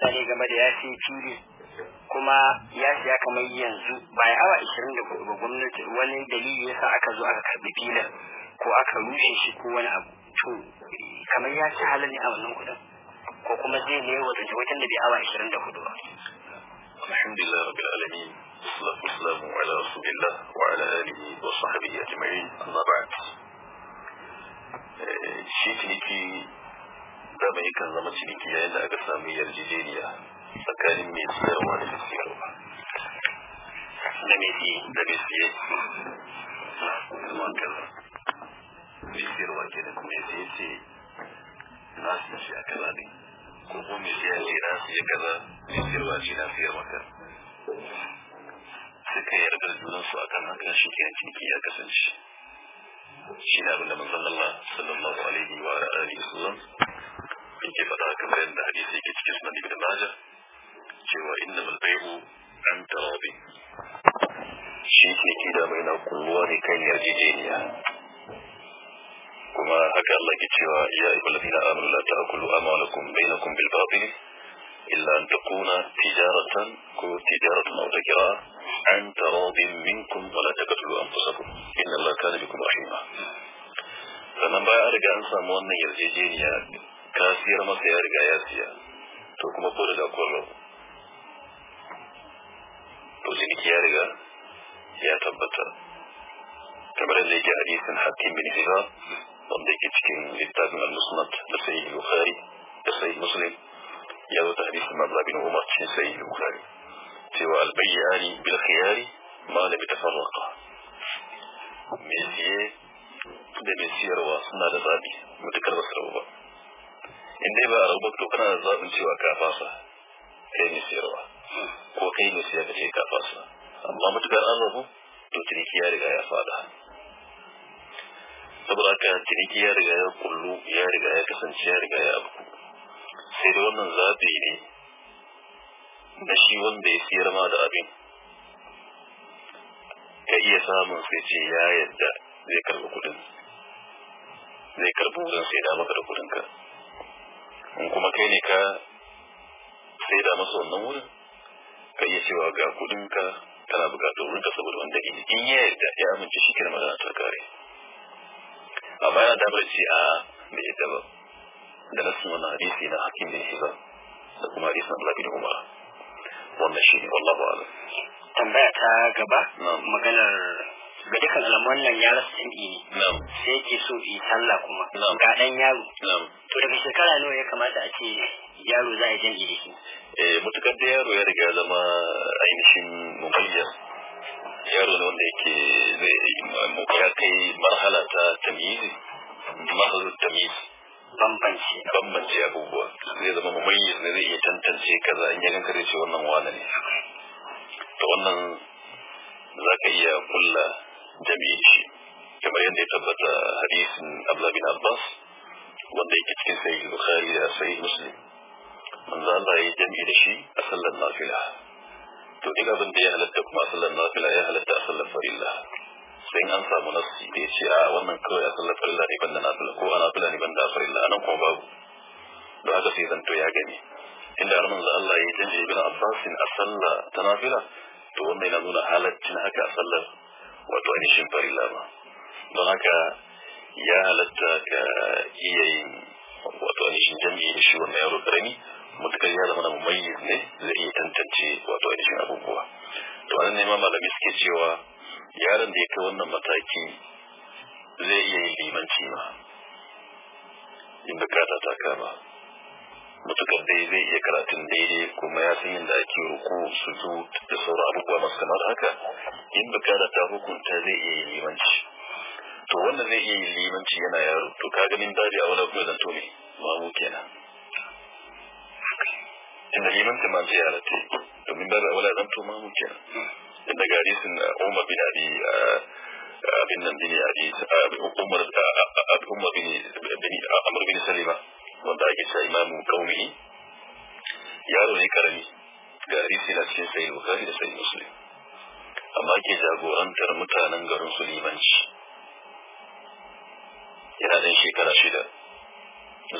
mutane game da ya sai fili kuma ya siya kamar yanzu bayan awa 24 ba gwamnati wani dalili yasa aka zo aka karbi filin ko aka rushe shi ko wani abu to kamar ya ci halin a wannan kudin ko kuma zai ne wa da wajen da bai awa 24 ba alhamdulillah rabbil alamin sallallahu alaihi wa ala rasulillah wa ala alihi wa sahbihi ajma'in amma ba'd shi ne ki dama yakan zama ciniki yayin da aka samu yarjejeniya tsakanin mai siyarwa da mai siyarwa da mai yi da mai siye mai siyarwa ke da mai siye ce na su shi a kaza ne ko kuma mai siya ce na ya kaza mai siyarwa ce na siyar maka suka yarda da a kan hakan shi ke ciniki ya kasance shi ne abin da manzon Allah sallallahu alaihi wa alihi wasallam yake faɗa kamar yadda hadisi yake cikin sunan ibn majah cewa innamal bai'u an tarabi shi ke kida mai na kulluwa ne kan yarjejeniya kuma haka Allah ke cewa ya ayyuhal ladina amanu la ta'kulu amwalakum bainakum bil batil illa an takuna tijaratan ko tijaratan aw takira an taradin minkum wa la taqtulu anfusakum inna Allah kana bikum rahima sannan bayan an riga an samu wannan yarjejeniya کافی رما سے ہر گیا تھا تو کو پورے کا کولو تو جی کیا رہے گا یا تو بتا کبر لے کے حدیث ہیں حکیم بن حفاظ ہم دیکھ چکے ہیں اتاق من المسند لسید بخاری لسید مسلم یا دو تحریف مبلا بن عمر چین سید بخاری سوا البیعانی بالخیاری مال بتفرقا میسیے دے میسیر واسنا لزادی متکرس رو بخاری in dai ba a rabu to kana da zaɓin cewa ka fasa kai ne sayarwa ko kai ne sayar da ce ka fasa amma matukar an rabu to ciniki ya riga ya fada saboda haka ciniki ya riga ya kullu ya riga ya kasance ya riga ya abu sai da wannan zaɓi ne na shi wanda ya siyar ma da abin ka iya samun sai ce ya yadda zai karɓi kuɗin zai karɓi wurin sai da maka da kuɗinka in kuma kai ne ka sai da masa wannan wurin ka iya cewa ga kudin ka tana bukatar wurin ka saboda wanda in in ya yarda ya amince shi kira magana ta kare amma yana damar ce a bai yadda ba da nasu wani hadisi na hakim bin hizam da kuma hadisin Allah da Umar wannan shi ne wallahu a'lam tambaya ta gaba maganar ga dukkan alamun nan ya rasa jami'i ne sai ke so yi sallah kuma ga dan yaro to daga shekara nawa ya kamata a ce yaro za a jami'i da shi eh, mutukar da yaro ya riga zama ainihin mubayyar yaro ne wanda yake ya kai marhala ta tamizi marhalar tamizi bambance bambance abubuwa zai zama mumayyiz ne zai iya tantance kaza in ya kare zai ce wannan wane ne to wannan za ka iya kulla jami'in shi kamar yadda ya tabbata hadisin Abdullah bin Abbas wanda yake cikin sahih Bukhari da sahih Muslim manzo Allah ya jami'i da shi a sallar nafila to ina abin da ya halatta kuma sallar nafila ya halatta a sallar farilla sai an samu nafsi da ya ce a wannan kawai a sallar farilla ne banda nafila ko a nafila ne banda farilla nan kuma babu da haka sai zanto ya gani inda har manzo Allah ya jami'i bin Abbas a sallar ta nafila to wannan yana nuna halaccin haka a sallar wato ainihin farilla ba don haka ya halatta ka iya yin wato ainihin jami'i da shi wannan yaro karami mutukar ya zama na mumayyiz ne zai iya tantance wato ainihin abubuwa to anan ne ma malami suke cewa yaron da ya kai wannan mataki zai iya yin limanci ma in bukata ta kama mutukar dai zai iya karatun daidai kuma ya san yadda ake ruku su da sauran abubuwa masu kamar haka in bukata ta hukunta zai iya yi limanci to wanda zai iya yi limanci yana yaro to ka ganin dadi a wani kuma zanto ne ma mu kenan inda limanci ma zai ce domin dadi a wani zanto ma mu kenan inda gari sun uh, umar bin abi uh, abin nan bin abi uh, umar umar bin amur bin salima wanda ake sa imamu kaumi yaro ne karami gari sai na cikin sayi bukari da sayi musulmi amma ke jagorantar mutanen garin su limanci yana dan shekara shida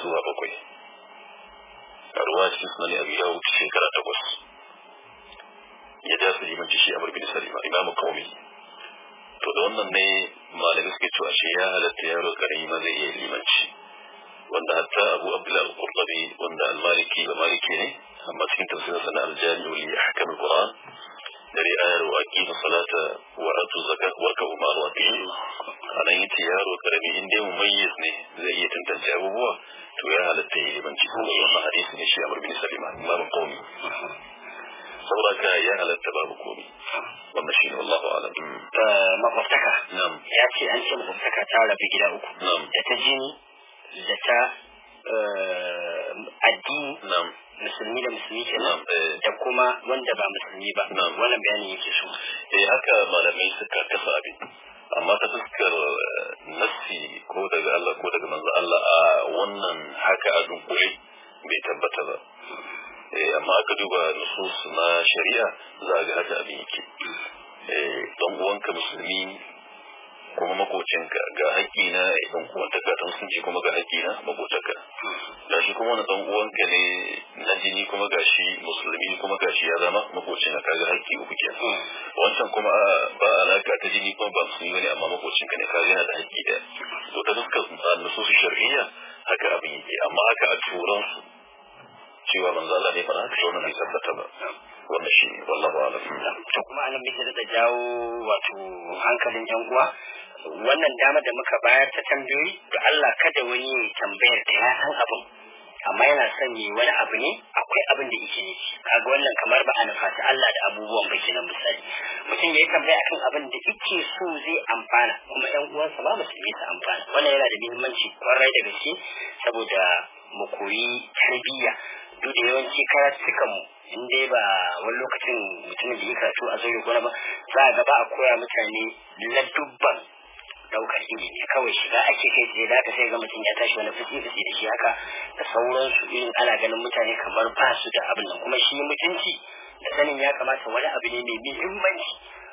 zuwa bakwai a ruwa cikin sunan a ya wuce shekara takwas ya ja su limanci shi a bin salima imamu komi to da wannan ne malamin suke cewa shi ya halatta yaro karami ma zai iya limanci wanda hatta abu abdullahi al-qurtubi wanda al-maliki ba maliki ne amma cikin tafsirin sana'ar jami'u li ahkam al-qur'an dare ayar wa aqimu salata wa atu zakat warkabu ma'al waqimin anan yace yaro karami in dai mumayyiz ne zai iya tantance abubuwa to ya halatta ya limanci ko wannan hadisi ne shi Amr bin Salima imam qaumi saboda ka ya halatta babu komi wannan shine wallahu a'lam makwabtaka ya ce an ce makwabtaka ta rabu gida uku da ta jini da ta Eh, addini musulmi da musulmi ke nan eh, da kuma wanda ba musulmi ba wannan bayani yake so eh haka malamai suka kasa abin amma ta fuskar eh, nassi ko daga Allah ko daga manzo Allah a wannan haka a dunkule bai tabbata ba eh amma aka duba nusus na shari'a za ga haka abin yake eh dan uwanka musulmi kuma makocinka ga haƙƙi na idan kuma ta ka sun ce kuma ga haƙƙi na makota kuma wani dan uwanka ne na jini kuma gashi musulmi kuma gashi ya zama makocin ka ga hakki uku ke hmm. wancan kuma ah, ba alaka ta jini kuma ba musulmi bane amma makocin ka ne ka yana da hakki da to ta fuskar ah, nususu shar'iyya haka abin yake amma haka a turan su cewa manzo Allah ne fara haka wannan bai tabbata ba wannan shi wallahi ba alam to kuma anan muke da jawo wato hankalin yan uwa wannan dama da muka bayar ta tambayoyi da Allah kada wani tambayar da ya san abin amma yana son yi wani abu ne akwai abin da yake nufi kaga wannan kamar ba a nufata Allah da abubuwan ba kenan misali mutum ya yi tambaya akan abin da yake so zai amfana kuma ɗan uwansa ba musulmi su amfana wannan yana da muhimmanci kwarai da gaske saboda mu koyi tarbiyya duk da yawanci karatukanmu mu in dai ba wani lokacin mutumin da ya karatu a zai gona ba za a gaba a koya mutane ladubban daukar ilimi kawai shiga ake kai tsaye da aka sai ga mutum ya tashi wani fusi fusi da shi haka da sauransu irin ana ganin mutane kamar ba su da abin nan kuma shi mutunci da sanin ya kamata wani abu ne mai muhimmanci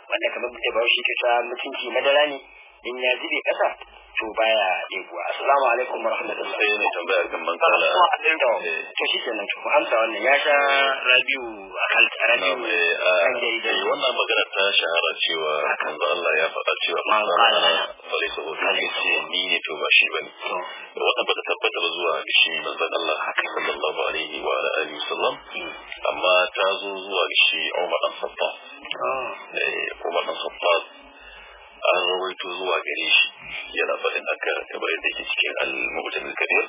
wanda kamar mutum ba shi ke sa mutunci madara ne in ya zube ƙasa. to baya ɗebuwa assalamu alaikum wa rahmatullahi sai ne tambaya kan man kala to shi kenan ku amsa wannan ya sha rabiu akal rabiu wannan magana ta shahara cewa manzo Allah ya faɗa cewa manzo Allah falisa ko ta ce ni ne to ba shi bane wannan ba ta tabbatar zuwa ga shi manzo Allah sallallahu alaihi wa alihi wasallam amma ta zo zuwa ga shi Umar bin Khattab Umar bin Khattab an rawaito zuwa gare shi yana faɗin haka kamar yadda ke cikin al-mu'jam al-kabir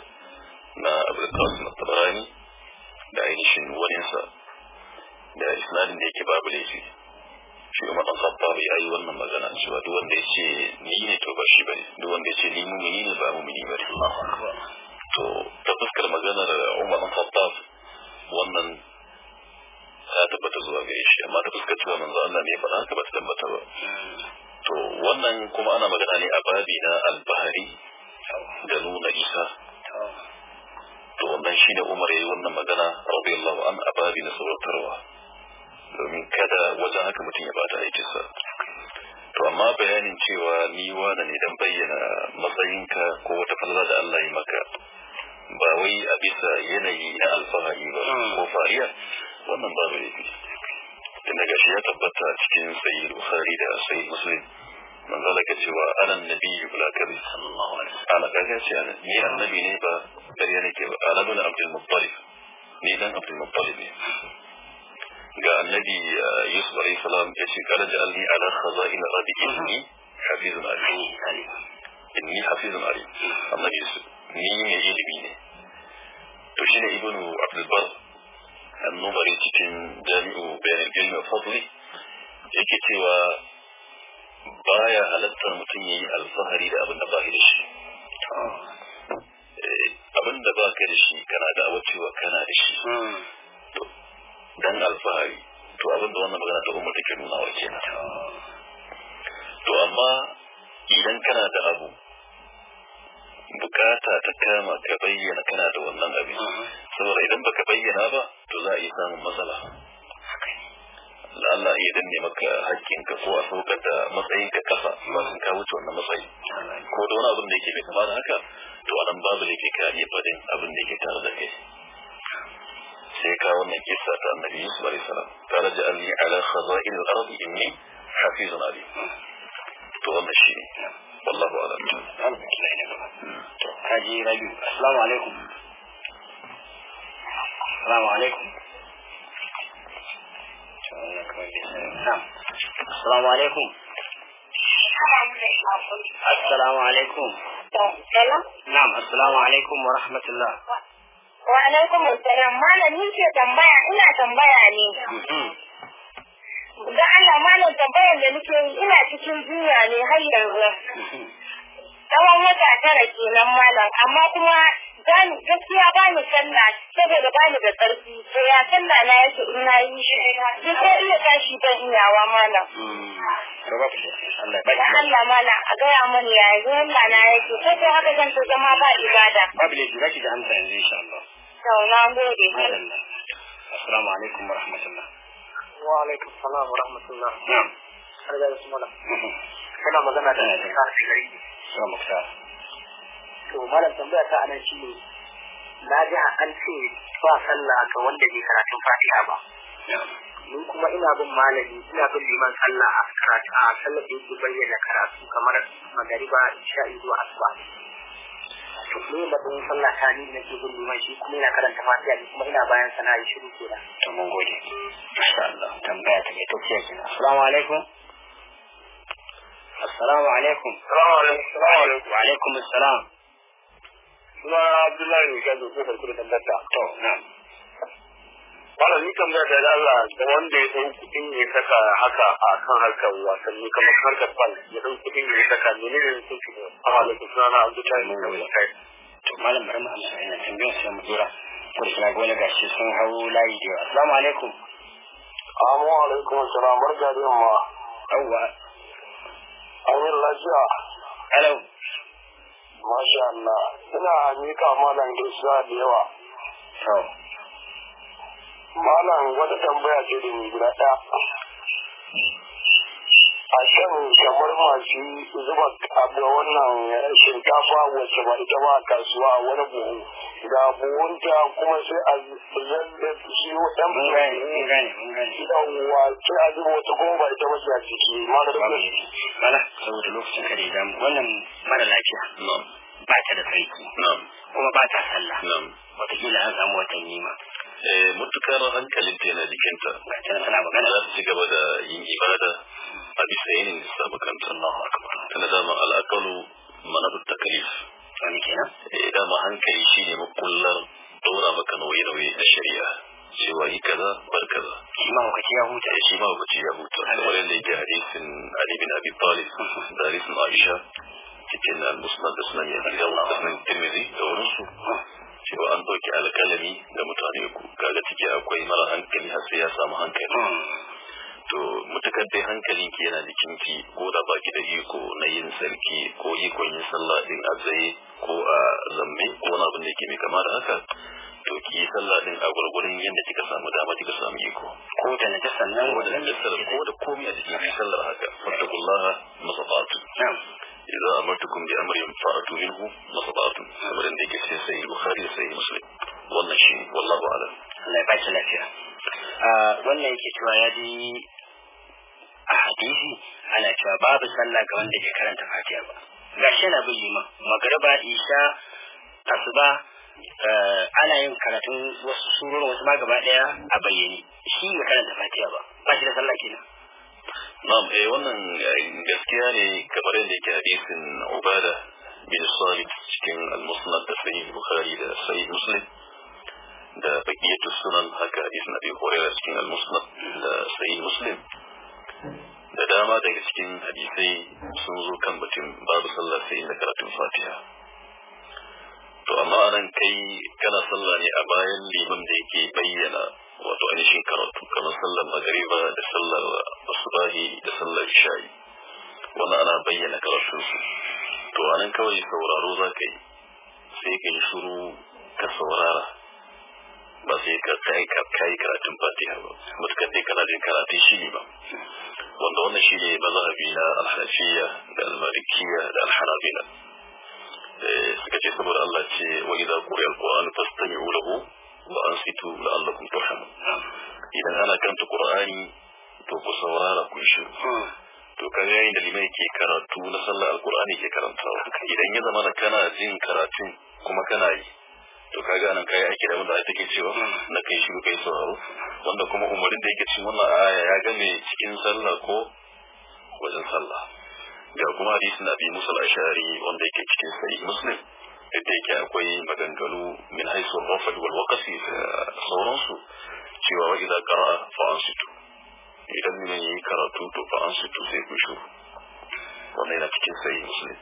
na abul qasim at-tabarani da ainihin waninsa da isnadin da yake babu laifi shi kuma dan khattabi yi wannan magana cewa duk wanda yace ni ne to ba shi bane duk wanda yace ni mu'mini ne ba mu'mini bane Allahu akbar to ta fuskar magana da Umar dan Khattab wannan ta tabbata zuwa gare shi amma ta fuskar cewa manzo Allah ne ya faɗa haka ba ta tabbata ba hmm. to wannan kuma ana magana ne a babi na albahari da nuna isa to wannan shi ne umar ya yi wannan magana radiyallahu an a babi na sauratarwa domin kada wajen haka mutum ya bata aikinsa to amma bayanin cewa ni wani ne don bayyana matsayinka ko wata falala da Allah ya maka ba wai a bisa yanayi na alfahari ba ko fariya wannan babu laifi inda gashi ya tabbata a cikin sayyid bukhari da sayyid muslim man zalaka cewa ana nabi bula kabi sallallahu alaihi wasallam kaga ce ni annabi ne ba dariya nake ba ana bin abdul muttalib ni dan abdul muttalib ne ga annabi yusuf alaihi salam ya ce kada ja'alni ala khaza'in rabbi inni hafizun alim inni hafizun alim annabi yusuf ni mai ilimi ne to shine ibnu abdul bar bayanin ilmi wa fadli yake cewa baya halattar mutum ya yi alfahari da abin da ba da shi eh, abin da ba ka da shi kana da awa cewa kana da shi Don alfahari to abin da wannan magana ta umar take nuna wa kenan to amma idan kana da abu bukata ta kama ka bayyana kana da wannan abin saboda idan baka bayyana ba to za a yi samun matsala da Allah iya danne maka hakkin ka so a saukar da matsayin ka kasa ba sun ka wuce wannan matsayi ko da wani abin da yake bai kama da haka to a nan babu da ka iya fadin abin da yake tare da kai sai ka wannan kisa ta annabi Yusuf alaihi salam tare da alli ala khaza'il al-ardi inni hafizun ali to wannan shi ne wallahu a'lam to kaji rabi assalamu alaikum assalamu alaikum نعم السلام عليكم السلام عليكم نعم السلام عليكم ورحمة الله وعليكم السلام malam ni tambaya ina tambaya ne mm-hmm. ga Allah malam tambayar da nake yi ina cikin jinya ne har yanzu mm-hmm. tsawon wata tara kenan malam amma kuma bani gaskiya bani sanna saboda bani da tsarki to ya sanna na yake in na yi shi duk sai iya tashi ban iyawa mana mm. Allah mana a gaya mani ya yi Allah na yake sai ko haka zan ta zama ba ibada babu ne za ki da amsa yanzu insha Allah to na gode assalamu alaikum wa rahmatullah wa alaikum salam wa rahmatullah na'am kana magana da Mukhtar Sigari Mukhtar to malam tambaya ta anan shi ne na ji an ce ba sallah ga wanda bai karatun fatiha ba ni kuma ina bin malami ina bin liman sallah a karatu a sallar da yake bayyana karatu kamar magariba isha'i zuwa asuba to ne batun sallah ta ni nake bin liman shi kuma ina karanta fatiha ni kuma ina bayan sana'a yi shiru kenan to mun gode insha Allah tambaya ta mai tafiya kenan assalamu alaikum السلام عليكم السلام عليكم وعليكم السلام suna abdullahi ne gado farko da tallata to na'am Malam ni kan da Allah da wanda ya san kuɗin ya saka haka a kan harkar wasanni kamar harkar fal ya san kuɗin ya saka menene ne sun shigo a halin suna na abdullahi ne kai. to malam bari mu amsa ina tambayar sai mu dora ko kira gole gashi sun hawo layi da yawa assalamu alaikum assalamu alaikum barka da yamma yawwa an yi lafiya hello Masha Allah, ina miƙa malam gaisuwa da yawa. Malam wata tambaya ce da guda ɗaya. A can kamar masu zuba abu wannan shinkafa wacce ba ita ba kasuwa wani buhu. da buhunta kuma sai a zanda shi ɗan yawwa sai a zuba wata goma ita wasu a ciki ma da dole bala saboda lokacin kare da wannan mara lafiya ba ta da sarki kuma ba ta sallah wataƙila an samu watanni eh, ma mutukar hankalinta yana jikinta tana magana za ta ci gaba da yin ibada a bisa yin sabon kantar na akbar tana dama al'akalu manabar takalif amfani kenan eh dama hankali shine makullar dora maka nauye-nauye na shari'a cewa yi kaza bar kaza shi ma hukaci ya huta shi ma hukaci ya huta kamar yadda yake hadisin Ali bin Abi Talib da hadisin Aisha cikin al-Musnad da sunan Yazid da sunan Tirmidhi da wurinsu cewa an ɗauki alƙalami da mutane ku kaga ciki akwai mara hankali har sai ya samu hankali hmm. to mutakar dai hankalin ki yana jikin ki ko da baki madaukakin sarki ko ikon yin sallah din a tsaye ko a zamme ko wani abin da yake mai kama da haka to ki yi sallah din a gurgurin yadda kika samu dama kika samu iko ko da na jasan nan ko da na ko da komai a cikin sallar haka fattakullaha masabatu idza amartukum bi amrin fa'atu minhu masabatu amarin da yake sai sai bukhari sai muslim wannan shi wallahu a'lam Allah ya baki lafiya ah, wannan yake cewa ya ji a hadisi ana cewa babu sallah ga wanda ke karanta fatiha ba gashi yana bin liman magriba isha asuba eh, ana yin karatun wasu surar wasu ma gaba daya a bayyane shi bai karanta fatiha ba ba shi da sallah kenan Na'am eh wannan eh, gaskiya ne kamar yadda yake hadisin Ubada bin Sabit cikin al-Musnad da Sahih Bukhari da Sahih Muslim da Baqiyatus Sunan haka hadisin Abi Hurairah cikin al-Musnad da Sahih Muslim da dama daga cikin hadisai sun zo kan batun babu sallah sai da karatun fatiha to amma kai kana sallah ne a bayan liman da yake bayyana wato ainihin karatu kamar sallar magariba da sallar asubahi da sallar isha'i wanda ana bayyana karatun su to a nan kawai sauraro za ka yi sai ka yi shuru ka saurara ba sai ka kai karatun fatiha ba mutukar dai kana jin karatun shi ne ba wanda wannan shi ne mazhabi na alhafiya da almalikiya da alhanabila eh, suka ce saboda Allah ce wa idza quriya alquran fastami'u lahu wa ansitu la'allakum turhamun idan ana kanta qur'ani to ku saurara ku shiru hmm. to kaga yayin da limai ke karatu na sallar alqur'ani ke karantawa idan ya zama kana jin karatun kuma kana yi to kaga nan kai aiki da wanda ai take cewa hmm, na kai shi kai sauraro wanda kuma umarin da yake cikin wannan aya ya game cikin sallah ko wajen sallah ga kuma hadisin Nabi Musa al-Ashari wanda yake cikin sahih Muslim da yake akwai maganganu min haisu rafa wal waqfi sauransu cewa wa idza qara'a fa ansitu idan ne yi karatu to fa ansitu sai ku shuru wannan yana cikin sahih Muslim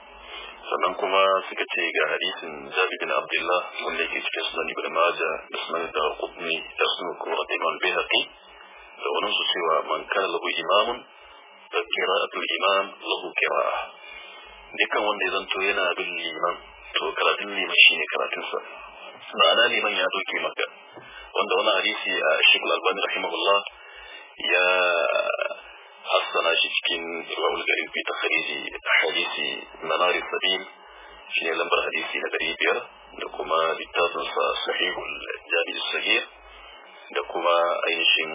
sannan kuma suka ce ga hadisin Jabir bin Abdullah wanda yake cikin sunan Ibn Majah da sunan Dawqutni da sunan Qur'an al Bayhaqi da wannan su cewa man kana lahu imamun fa qira'atul imam lahu qira'a dukkan wanda ya zanto yana bin liman to karatun liman shine karatunsa ma'ana liman ya doke maka wanda wani hadisi a Sheikh Al-Albani rahimahullah ya hassana shi cikin imamul garib fi takhriji hadisi sabin shi ne lambar hadisi na dari biyar da kuma littafin sa sahihul jami sahih da kuma ainihin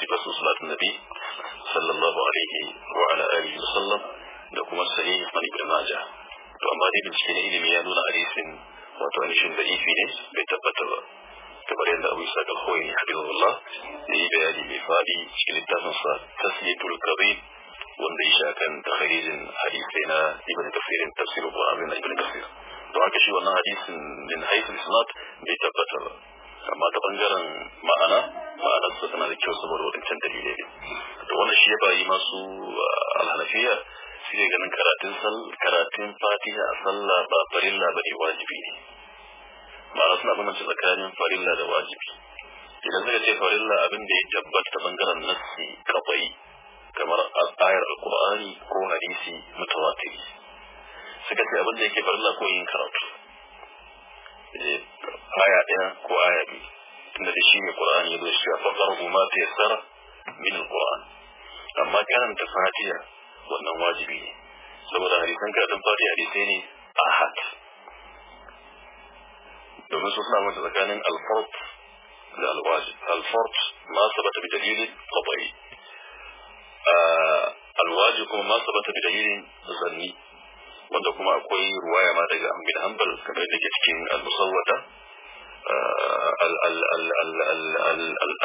sifatu salatun nabi sallallahu alaihi wa ala alihi wa sallam da kuma sahih man ibn majah to amma dai bincike na ilimi ya nuna hadisin wato ainihin da'ifi ne bai tabbata ba تبارين أبو إساق الخوي حديث الله دي بيالي مفادي شكلي تاسنسا تسلية القبيل وندي شاكا تخريز حديثنا ابن كثير تفسير بوامنا ابن كثير دعاك شو أنا حديث من حيث الإسلام دي تبتر ما تبنجر ما أنا ما أنا سسنا دي كيو سبر ودن كان دليل دوانا شيبا يماسو الحنفية سيجنن كراتين سل كراتين فاتحة صلى بابر بني واجبيني ba a suna tsakanin farilla da wajibi idan suka ce farilla abin da ya tabbata ta bangaren nassi kafai kamar ayar alkur'ani ko hadisi mutawatir suka ce abin da yake farilla ko yin karatu eh, aya ɗaya ko aya biyu da shi ne qur'ani ya zo shi ya faɗa ma ta yassara min alkur'an amma karanta Fatiya wannan wajibi ne saboda hadisan karatun fatiha hadisai ne ahad يقول صلى الله عليه وسلم الفرط لا الواجب الفرط ما ثبت بدليل قطعي آه، الواجب كما ما ثبت بدليل ظني وده كما أقول رواية ما تجد عن بن هنبل كما يدك تكين المصوتة آه،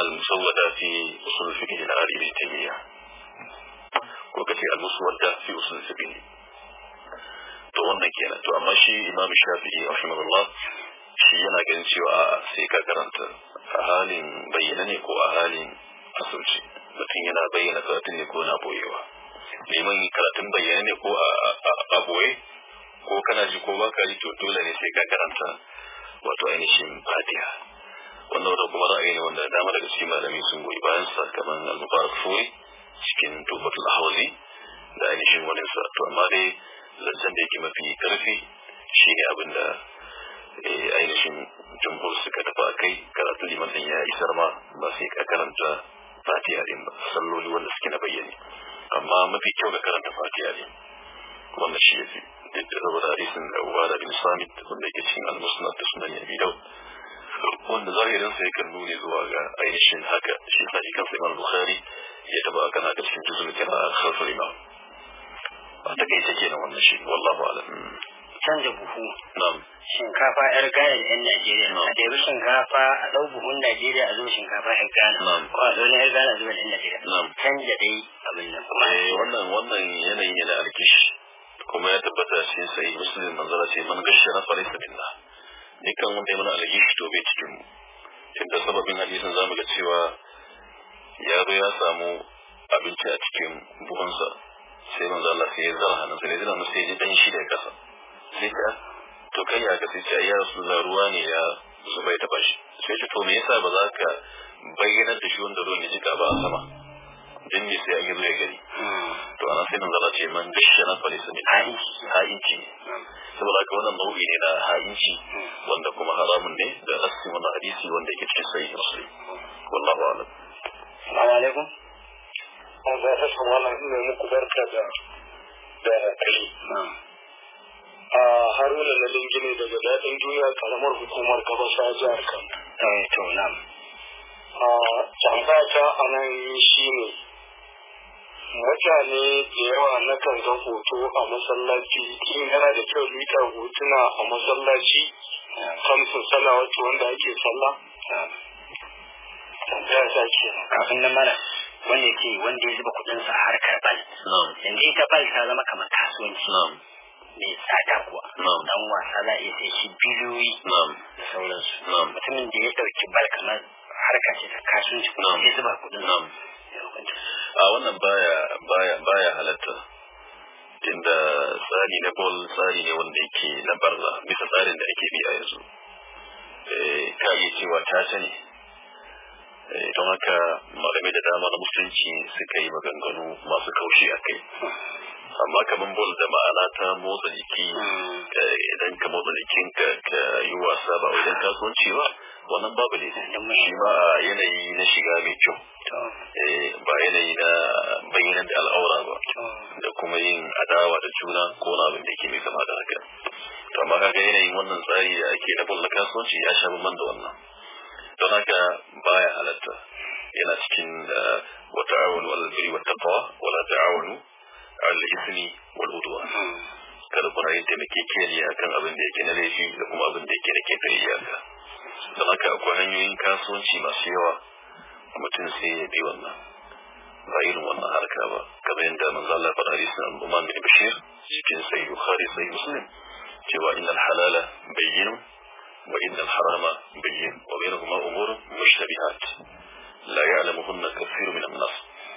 المصوتة في أصول الفقه العريب التيمية وكثير المصوتة في أصول الفقه تو أنا كينا يعني. تو أماشي إمام الشافعي رحمه الله shi yana ganin cewa sai ka karanta a halin bayyana ne ko a halin asirci mutum yana bayyana karatun ne ko na boyewa neman karatun bayyana ne ko a boye ko kana ji ko baka ji to dole ne sai ka karanta wato ainihin fatiha wannan wata kuma ra'ayi ne wanda dama daga cikin malami sun goyi bayan sa kamar al-mubarak cikin cikin tufatul hauzi da ainihin wani sa to amma dai zancen da yake mafi karfi shine abin da ainihin jumhur suka tafi a kai karatu liman ɗin ya isar ma ba sai ka karanta fatiha ɗin ba salloli wanda suke na bayyane amma mafi kyau da karanta fatiha ɗin wannan shi ya fi saboda hadisin da da bin samit wanda yake cikin al-musnad da sunan yabi daud wanda zahirin sa kan nuni zuwa ga ainihin haka shi sa shi kansa imam bukhari ya taba kan haka cikin juzul kira al-khalful imam a takaice kenan wannan shi wallahu a'lam canza buhu shinkafa yar gaya da yan najeriya a ɗebi shinkafa a ɗau buhun najeriya a zo shinkafa yar gana ko a zo na yar gana zuwa yan najeriya canja dai abin nan eh, wannan wannan yanayi ne na kuma ya tabbata shi sai musulmin manzara ce man gashi na farisa billah dukkan wanda ya mana alkishi to bai cikin mu tunda sababin hadisin zamu ga cewa ya zo ya samu abinci a cikin buhunsa sai manzo Allah sai ya zara hannunsa ne zira masa ya ji dan shi da kasa sai ta to kai ya ga sai ce ya rasulullah ruwa ne ya zuba ya taba shi sai ce to me yasa ba za ka bayyana da shi wanda ruwan ya jika ba a sama din ne sai an yi zuwa gari hmm. to ana sai nan zala ce man gashi na fari ne ha'inci ne hmm. saboda ka wannan nau'i ne na ha'inci hmm. wanda kuma haramun ne da asin wani hadisi wanda yake cikin sahih muslim wallahu a'lam assalamu alaikum an ga sassan wannan ne muku barka da da kai a haruna na dangine daga daɗin duniya karamar hukumar gabasa jihar kano eh, to nan a tambata a nan shi ne mutane da yawa na kan ga hoto a masallaci in yana da kyau mita hotuna a masallaci kan su sala wato wanda ake sallah tambaya ta ke kafin na mana wanda ya ce wanda ya zuba kudinsa a harkar bal yanzu ita bal ta zama kamar kasuwanci mai tsada kuwa dan wasa za a iya sai shi biliyoyi da sauransu mutumin da ya dauki bal kamar harka ce ta kasuwanci kuma ya zuba kudin a wannan baya baya baya halatta tunda tsari na bol tsari ne wanda yake na barza bisa tsarin da ake bi a yanzu eh, ka yi cewa ta sani eh, don haka malamai da dama na musulunci suka yi maganganu masu kaushi a kai hmm. amma kamar bol da ma'ana ta motsa jiki hmm. idan ka motsa jikin ka ka yi wasa ba wajen kasuwanci ba wannan babu ne shi ma yanayi na shiga mai kyau eh, ba yanayi na bayyanar da al'aura ba da kuma yin adawa da juna ko na abin da ke mai zama da haka to amma kaga yanayin wannan tsari da ake na bol kasuwanci ya sha man da wannan don haka baya halatta yana cikin eh, wata ta'awunu alal wata bawa wala wala awonu al'ismi wal udwan kada ƙwararren taimake keniya kan abin da yake na laifi da kuma abin da yake na keta iyaka don haka akwai hanyoyin kasuwanci masu yawa mutum sai ya bi wannan ba irin wannan harka ba kamar yadda manzo Allah faɗa hadisin al-Umman bin Bashir cikin sahih Bukhari sahih Muslim cewa innal halala bayyinun wa innal harama bayyin wa bainahuma umurun mushtabihat la ya'lamuhunna kathirun min an-nas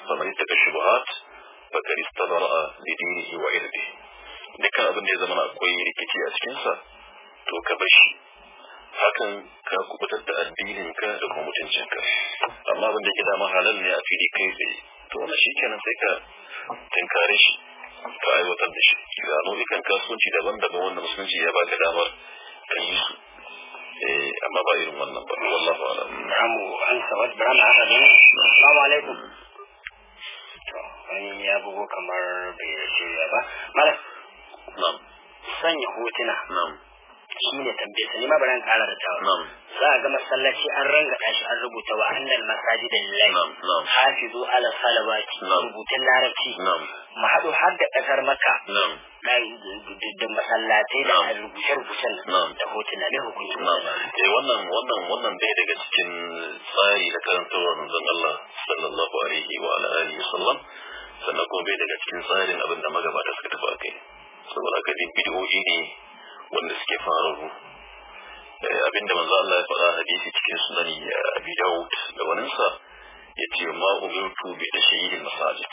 faman ittaqa shubuhat fakar istabara'a bi dinihi wa irdi dukkan abin da ya zama akwai rikici a cikinsa to ka bar shi hakan ka kubutar da addinin ka da kuma mutuncin ka amma abin da ke dama halal ne a fili kai tsaye to na shi kenan sai ka tunkare shi ka aiwatar da shi ga nau'ikan kasuwanci daban-daban wanda musulunci ya baka damar ka yi su eh, amma ba irin wannan ba wallahu a'lam amu an assalamu alaikum to wani ya bugu kamar bai shirya ba malam sanya hotuna shi ne tambaye su nima bari kara da tawa za a ga masallaci an ranga shi an rubuta wa annal da lillahi hafizu ala salawati rubutun larabci mu haɗu har da ƙasar maka irin masallatai da rubuce-rubucen da hotuna ne hukunci. Eh, wannan wannan wannan bai daga cikin tsari da karantarwar manzon Allah sallallahu alaihi wa alihi wasallam sannan kuma bai daga cikin tsarin abin da magabata suka tafi kai saboda haka duk bid'o'i ne wanda suke faru eh, abin da manzo Allah ya faɗa hadisi cikin sunan Abi Dawud da waninsa ce ma umirtu bi tashyidil masajid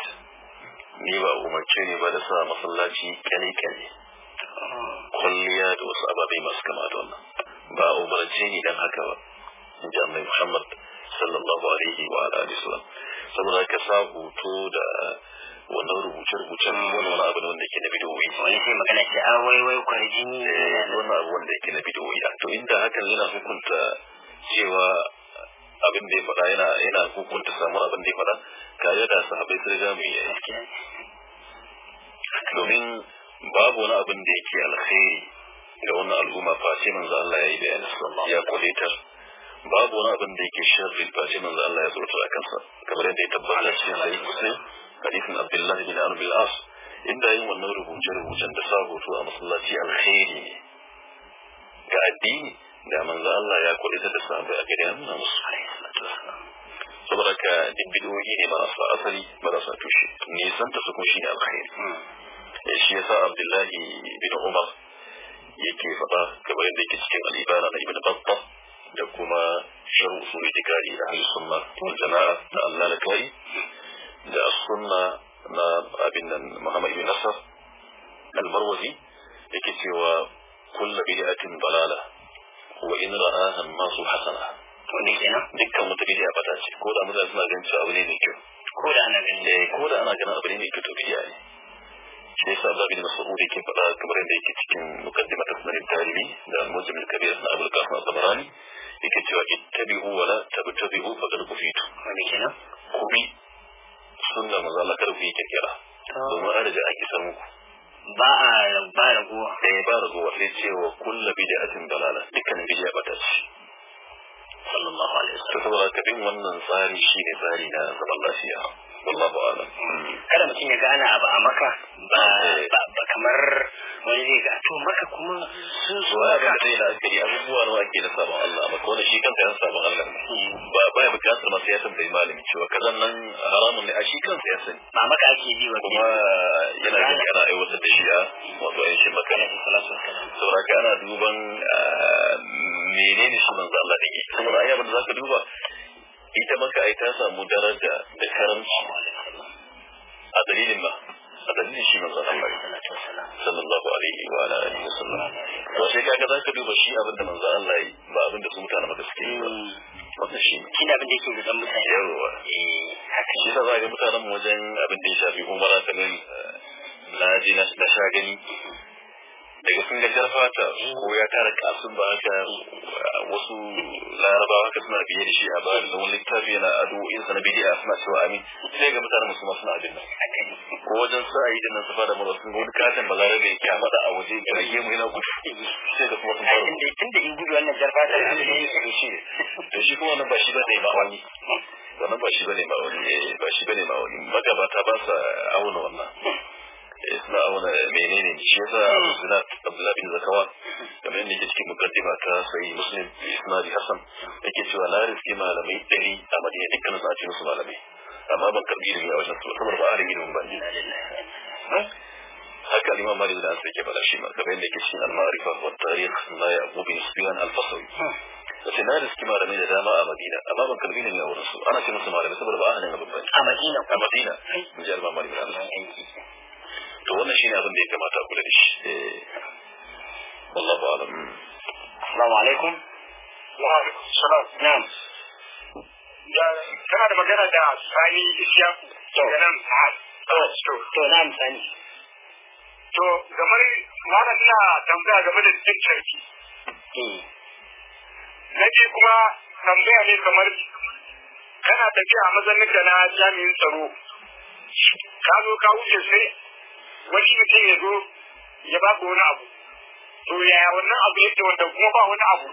ni ba umarce ne ba da sa masallaci kale kale kulliya da wasu ababai masu kama da wannan ba umarce ni dan haka ba in ji annabi Muhammad sallallahu alaihi wa alihi wasallam saboda ka sa hoto da wannan rubuce-rubucen wani wani abu wanda yake na bidowi wani sai magana ce a ah, wai wai ni? Eh, wani abu wanda yake na bidowi to inda hakan yana hukunta cewa abin da ya faɗa yana yana hukunta samun abin da ya faɗa kare da sahabai sai riga yaya. yi domin babu wani abin da yake alkhairi ga wannan al'umma face manzo Allah ya yi bayanin sallallahu ya kuletar babu wani abin da yake sharri face manzo Allah ya zurta a kansa kamar yadda ya tabbata cikin hadisi muslim hadisin Abdullah bin Amr bin As inda yin wannan rubuce-rubucen da sa hoto a masallaci alkhairi ne ga addini da manzo Allah ya kuletar da sahabbai a gidan nan musulmai saboda ka dibbidoyi ne marasa asali marasa tushe nisan ta su kun shi ne alkhairi shi yasa abdullahi bin umar yake faɗa kamar yadda yake cikin al'ibana na ibn babba da kuma shan usul itikadi da ahli sunna wal jama'a da Allah na kai da sunna na abin nan Muhammad ibn Nasr al-Marwazi yake cewa kullu bid'atin dalala wa in ra'aha an-nasu hasana to ne kenan dukkan wata bid'a bata ce ko da mutane suna ganin cewa abu ne mai kyau ko da ana ganin ko da ana ganin abu ne mai kyau to bid'a ne shi yasa da bin mas'ud yake faɗa kamar yadda yake cikin muqaddimat sunan tarimi da al-mujam kabir na abul qasim al-tabarani yake cewa ittabi'u wa la tabtabi'u faqad kufitu wani kenan ku bi sunna manzo Allah kar ku yi kirkira domin an riga an kisa muku ba a ba ragowa eh ba ragowa sai cewa kullu bid'atin dalala dukkan bid'a bata ce sallallahu alaihi wasallam to saboda bin wannan tsari shine tsari na zaman lafiya wallahu a'lam kada mutum ya gana abu a maka eh. ba kamar wani zai ga to maka kuma sun zo ya ga dai da kiri abubuwa nawa ke da sabon Allah amma shi kanka sabon Allah ba ba ya ya malami cewa kazan nan haramun ne a shi ya ba maka ake bi wa kuma yana da kana aiwatar da shi a wato shi maka ne saboda kana duban ah, menene shi manzo Allah saboda da zaka duba ita maka ai ta samu daraja da karanci a dalilin ba a dalilin shi manzo Allah sallallahu alaihi wa ala alihi wa sallam to sai kaga zaka duba shi abinda manzo Allah yi ba abinda su mutane maka suke yi ba hmm. wannan shi ne kina abin da yake da mutane yawa eh haka shi ga zaka mutanen wajen abin da ya shafi umara ta eh, na ji na sha gani daga sun ga koya ta ko ya tara kasin ba haka wasu larabawa haka suna biye da shi a ba da wani littafi yana ado in sana bidiya suna cewa amin sai ga mutanen musulma suna abin nan ko wajen sa yi da nan safa da mura sun ga wani katin balarabe ya mada a waje da rage mu yana gudu sai da kuma sun fara tun da in gudu wannan da shi da shi kuma wannan ba shi ba da ba wani wannan ba shi ba wani eh, ba shi ba wani magabata ba sa auna wannan suna auna menene shi yasa hmm. abu zinat bin zakawan kamar yadda yake cikin mukaddima ta sayi muslim isnadi hasan yake cewa na riski malamai ɗari a madina dukkan su a ce musu malamai amma ban ilimi a wajen su ba a rigi ilimin ban haka da ansa yake faɗa shi ma kamar yadda yake cikin al wa tarikh hmm. na bin al-fasawi na malamai da dama a madina amma ban karbi ilimi a wurin su ana ce musu malamai saboda ba a nan abin a madina a madina hmm. ji to wannan shine abin da ya kamata kula da shi eh. wallahu alam assalamu alaikum wa alaikum salam ya kana da magana da sani isyaku To nan to na'am sani to gamar malam na tambaya game da cikin sarki eh. na ce kuma tambaya ne kamar kana tafiya a mazaunin da na jami'in tsaro ka zo ka wuce sai wani mutum ya zo ya ba ku wani abu to yaya wannan abu yake wanda kuma ba wani abu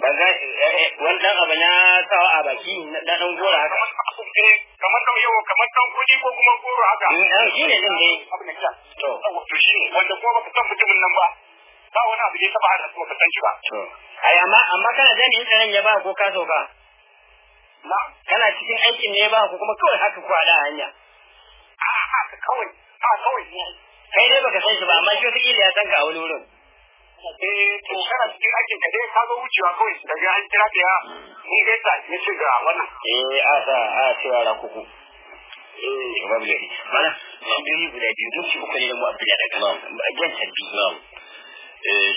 ba za eh, wannan abu na sawa a baki na dan goro haka kamar dan yawo kamar ɗan kudi ko kuma goro haka mm, ah, shi ne ne to shi ne wanda kuma san mutumin nan ba ba wani abu da ya hada san shi ba to ai kana cikin aikin ne ba ko kuma kawai haka a hanya a'a kawai a kawai kai ne baka san shi ba amma shi wata ya san ka a wani wurin eh to kana cikin aikin ka dai ka zo wucewa kawai da ga an kira ka ni dai ta ni shi ga wannan eh a sa a cewa ra kuku eh babu ne mana tambayi guda biyu mun ci uku ne mu abuja da kuma again tabbi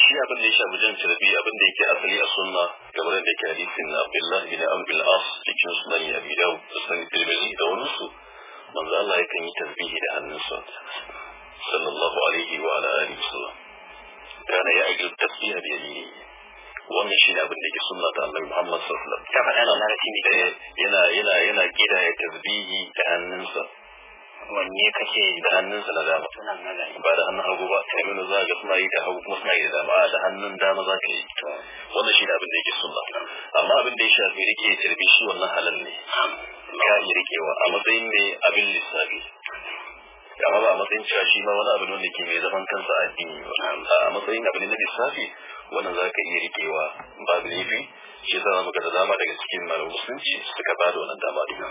shi abin da ya shafi jan tarbi abin da yake asali a sunna kamar da yake hadisin Abdullah bin Amr bin As cikin sunan Abi Dawud da sunan Tirmidhi da wani su manzo Allah yakan yi tasbihi da hannunsa sallallahu alaihi wa ala alihi wasallam kana ya ajil tasbiha bi yadihi wannan shi ne abin da ke sunna ta Annabi Muhammad sallallahu alaihi wasallam kafa yana nan shi ne eh, yana yana yana kida ya tasbihi da hannunsa wanne kake da hannunsa na dama ba da hannun hagu ba kai mun za ka suna yi da hagu kuma suna yi da dama da hannun dama za ka yi wannan shi ne abin da yake sunna amma abin da ya shafi rike tarbi shi wannan halal ake a matsayin mai abin lissafi amma ba a matsayin cewa shi ma wani abin wanda ke mai zaman kansa a addini ba a matsayin abin na lissafi wannan za ka iya rikewa da laifi shi yasa muka da dama daga cikin malam musulunci suka ba da wannan dama din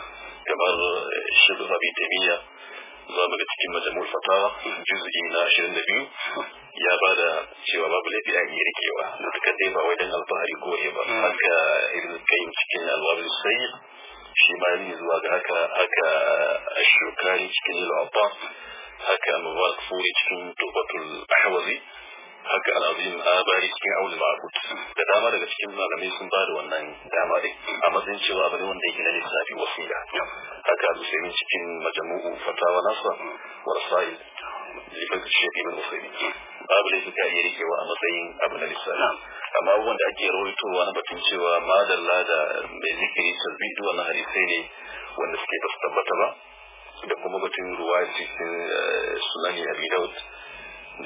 kamar eh, shirin rabi tamiya za mu cikin majamul fatawa juz'i na ashirin da biyu ya ba da cewa babu laifi a iya rikewa da suka dai ba wai dan alfahari ko ba haka irin kayan cikin alwabin sayi شمالي زواج هكا هكا الشوكاني تشكين العطاء هكا مبارك فوري تشكين تغبة الأحوذي هكا العظيم آباري تشكين عول المعبود لدعما لك تشكين ما غميز مبار وانان دعما لك أما زين شو أبني وان ديكنا نفسي وصيلة هكا المسلمين تشكين مجموه فتاوى نصر ورسائل لفكر الشيخ من المسلمين babu da suka iya rikewa a matsayin abu na lissafi amma abubuwan da ake rawaitowa na batun cewa madalla da mai zikiri tasbidu wannan hadisai ne wanda suke ba su tabbata ba da kuma batun ruwa cikin eh, sunani abi daud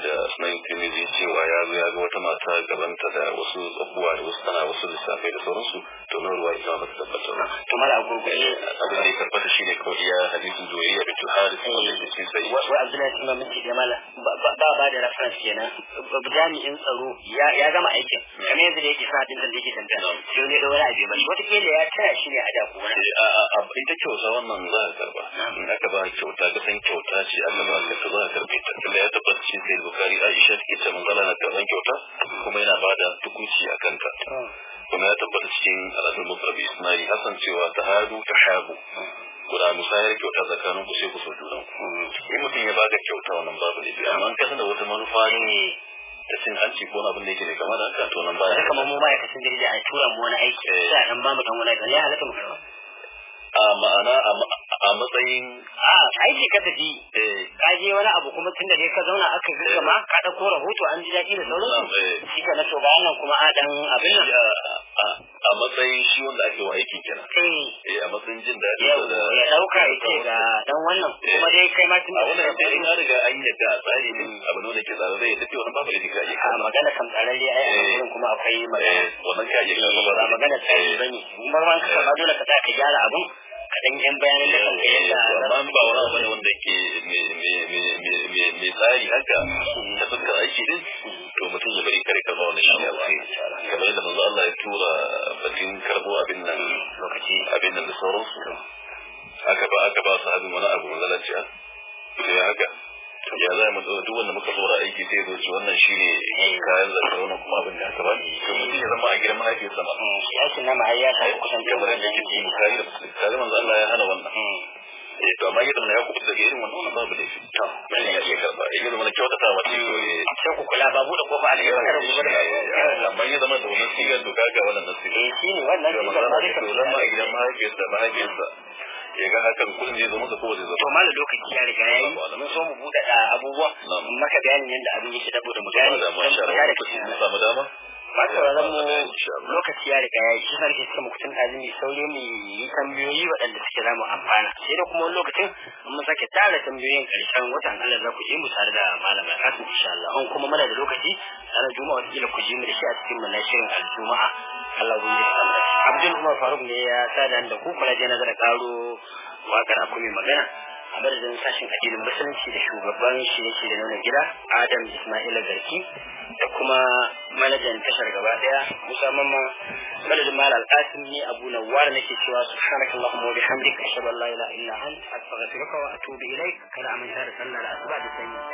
da sunan timizi cewa ya zo ya ga wata mata gabanta da wasu tsakuwa da wasu tana wasu lissafai da sauransu to nan ruwa ita ba ta tabbata ba to mala a gurgurye abin da ya tabbata shine kawai ya hadisin juwayya da su hari sun yi da sai wai abdullahi kuma mun ce mala ba ba da reference kenan jami'in tsaro ya gama aikin kamar yadda da yake sa din da yake tantana sai ne da wani abu ba wata kila ya taya shi ne a da kuma in ta kyauta wannan za a karba in aka ba kyauta ka san kyauta ce aka ba ka za a karbe ta tunda ya tabbata cikin sai bukari aisha take ta mun na karban kyauta kuma yana ba da tukunci a kanka kuma ya tabbata cikin al'adun mutsari ismaili Hassan cewa ta hadu ta habu kuɗa musayar kyauta tsakanin ku sai ku so juna ku in mutum ya baka kyauta wannan babu ne amma in kasan da wata manufa ne ta cin hanci ko abin da yake ne kamar da to nan ba kamar mu da jirgin a tura mu wani aiki sai eh. dan ba mu dan wani ya halatta mu a ma'ana a matsayin a aiki ka tafi eh. ka je wani abu kuma tun da dai ka zauna aka yi ma eh. ka ɗauko rahoto an ji daɗi da sauransu shi ka na to bayan kuma a dan abin nan a matsayin shi wanda ake wa aikin kira eh, eh a matsayin jin daɗi da ya dauka ya ce ga dan wannan eh. kuma dai kai ma tun a wannan da an riga an yi da tsari din abu ne da ke tsare zai tafi wannan babu yadda kaje a magana kan tsararre ai a eh. gurin kuma akwai magana wannan kaje kan ba za magana tsari bane kuma man ka ba dole ka ta ka gyara abun kaɗan yan bayanan da kan kai yadda ba wani abu ne wanda ke mai tsari haka da fuskar aiki din to mutum ya bari kare karba wani shi alkhairi kamar yadda manzo Allah ya tura batun karɓo abin nan lokaci abin nan da sauransu Haka ba aka ba su abin wani abu na Allah ya ya haka ya za mu duk wanda muka tsora aiki sai zo ci wannan ne kayan zaka wannan kuma abin da aka ba to mutum ya zama a gidan mahaifiyar sama ya mm, ce na mahaiya ta kusan kamar da kike bukari da musulmi kaza manzo Allah ya hana wannan mm. eh to amma gidan ya kuɓuta da irin wannan babu laifi a ba bude kofa alheri ne rubuta da lamban ya zama domin sigar doka ga wannan nasi eh shi ne wannan shi ga ba da dolan ma gidan mahaifiyarsa da mahaifiyarsa ya ga hakan kun zai zo masa ko zai zo to lokaci ya riga yayi mun so mu bude ah, abubuwa maka bayanin yadda abin yake saboda mu gane da mu samu dama zan mu lokaci ya riga ya yi shi ke suka muku tun azumi sauri mu yi tambayoyi waɗanda suke mu amfana. Sai da kuma lokacin mun sake tara tambayoyin ƙarshen watan Allah za ku je mu tare da malama Kasim insha Allah. An kuma mana da lokaci ranar Juma'a wata ku je mu da shi a cikin mu na shirin Aljuma'a. Allah yi Abdul Umar Faruk ne ya sada da ku kula je na da karo wakar akwai magana. a madadin sashen addinin musulunci da shugaban shi yake da nuna gida adam ismaila garki da kuma manajan tashar gaba daya musa mamma madadin malal qasim ne abu nawar nake cewa subhanakallahumma wa bihamdika ashhadu an la ilaha illa anta astaghfiruka wa atubu ilaik kada a da sallar asuba da sanyi